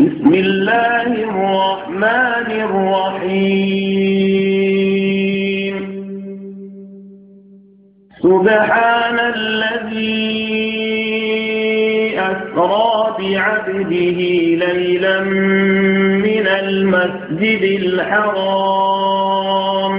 بسم الله الرحمن الرحيم سبحان الذي أسرى بعبده ليلا من المسجد الحرام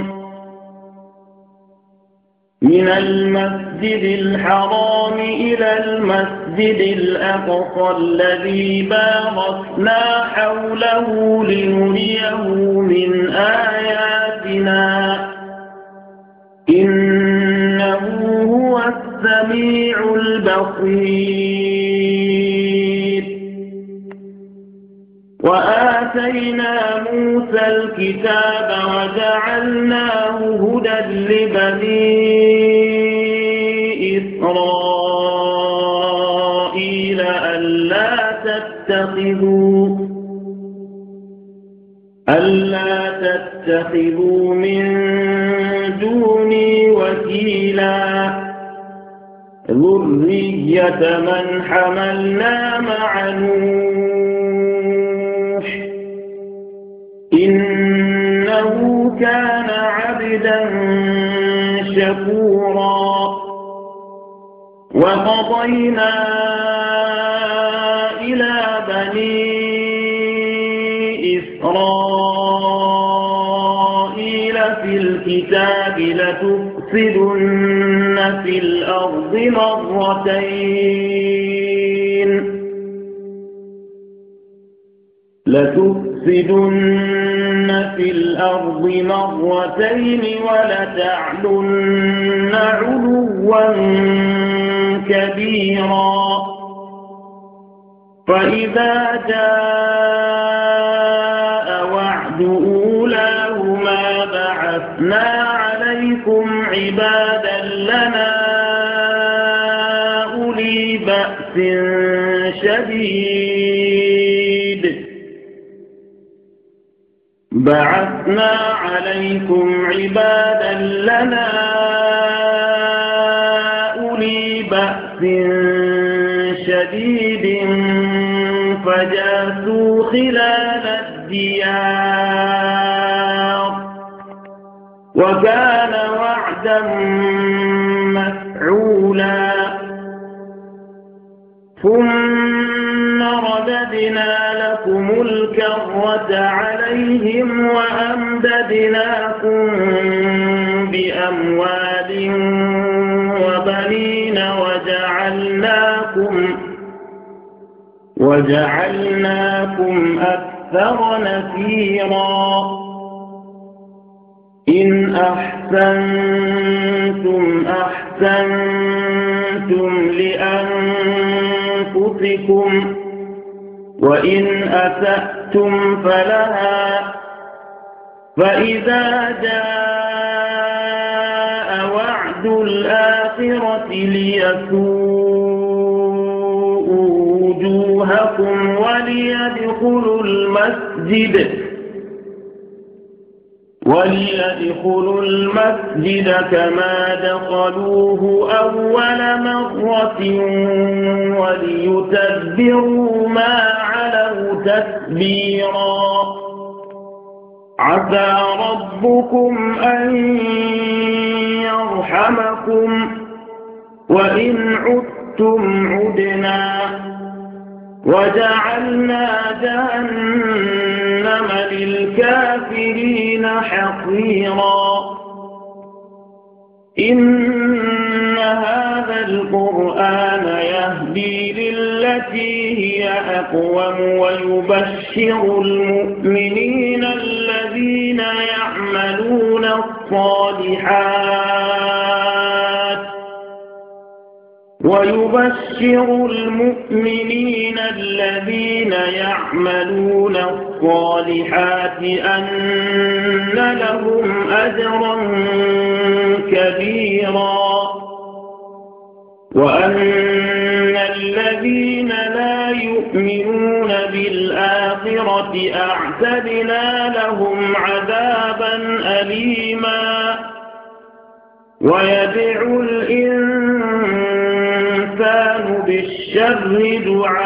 من المسجد الحرام إلى المسجد المسجد الأقصى الذي باركنا حوله لنريه من آياتنا إنه هو السميع البصير وآتينا موسى الكتاب وجعلناه هدى لبني إسرائيل ألا تتخذوا ألا تتخذوا من دوني وكيلا ذرية من حملنا مع نوح إنه كان عبدا شكورا وقضينا إسرائيل في الكتاب لتفسدن في الأرض مرتين لتفسدن في الأرض مرتين ولتعلن علوا كبيرا فإذا جاء بعد أولاهما بعثنا عليكم عبادا لنا أولي بأس شديد بعثنا عليكم عبادا لنا خلال الديار وكان وعدا مفعولا ثم رددنا لكم الكرة عليهم وأمددناكم بأموال وجعلناكم أكثر نفيرا إن أحسنتم أحسنتم لأنفسكم وإن أسأتم فلها فإذا جاء وعد الآخرة ليسور لكم وليدخلوا المسجد وليدخلوا المسجد كما دخلوه أول مرة وليتبروا ما علوا تتبيرا عسى ربكم أن يرحمكم وإن عدتم عدنا وجعلنا جهنم للكافرين حقيرا إن هذا القرآن يهدي للتي هي أقوم ويبشر المؤمنين الذين يعملون الصالحات ويبشر المؤمنين الذين يعملون الصالحات أن لهم أجرا كبيرا وأن الذين لا يؤمنون بالآخرة أعتدنا لهم عذابا أليما ويدعو الإنسان الشر دعاء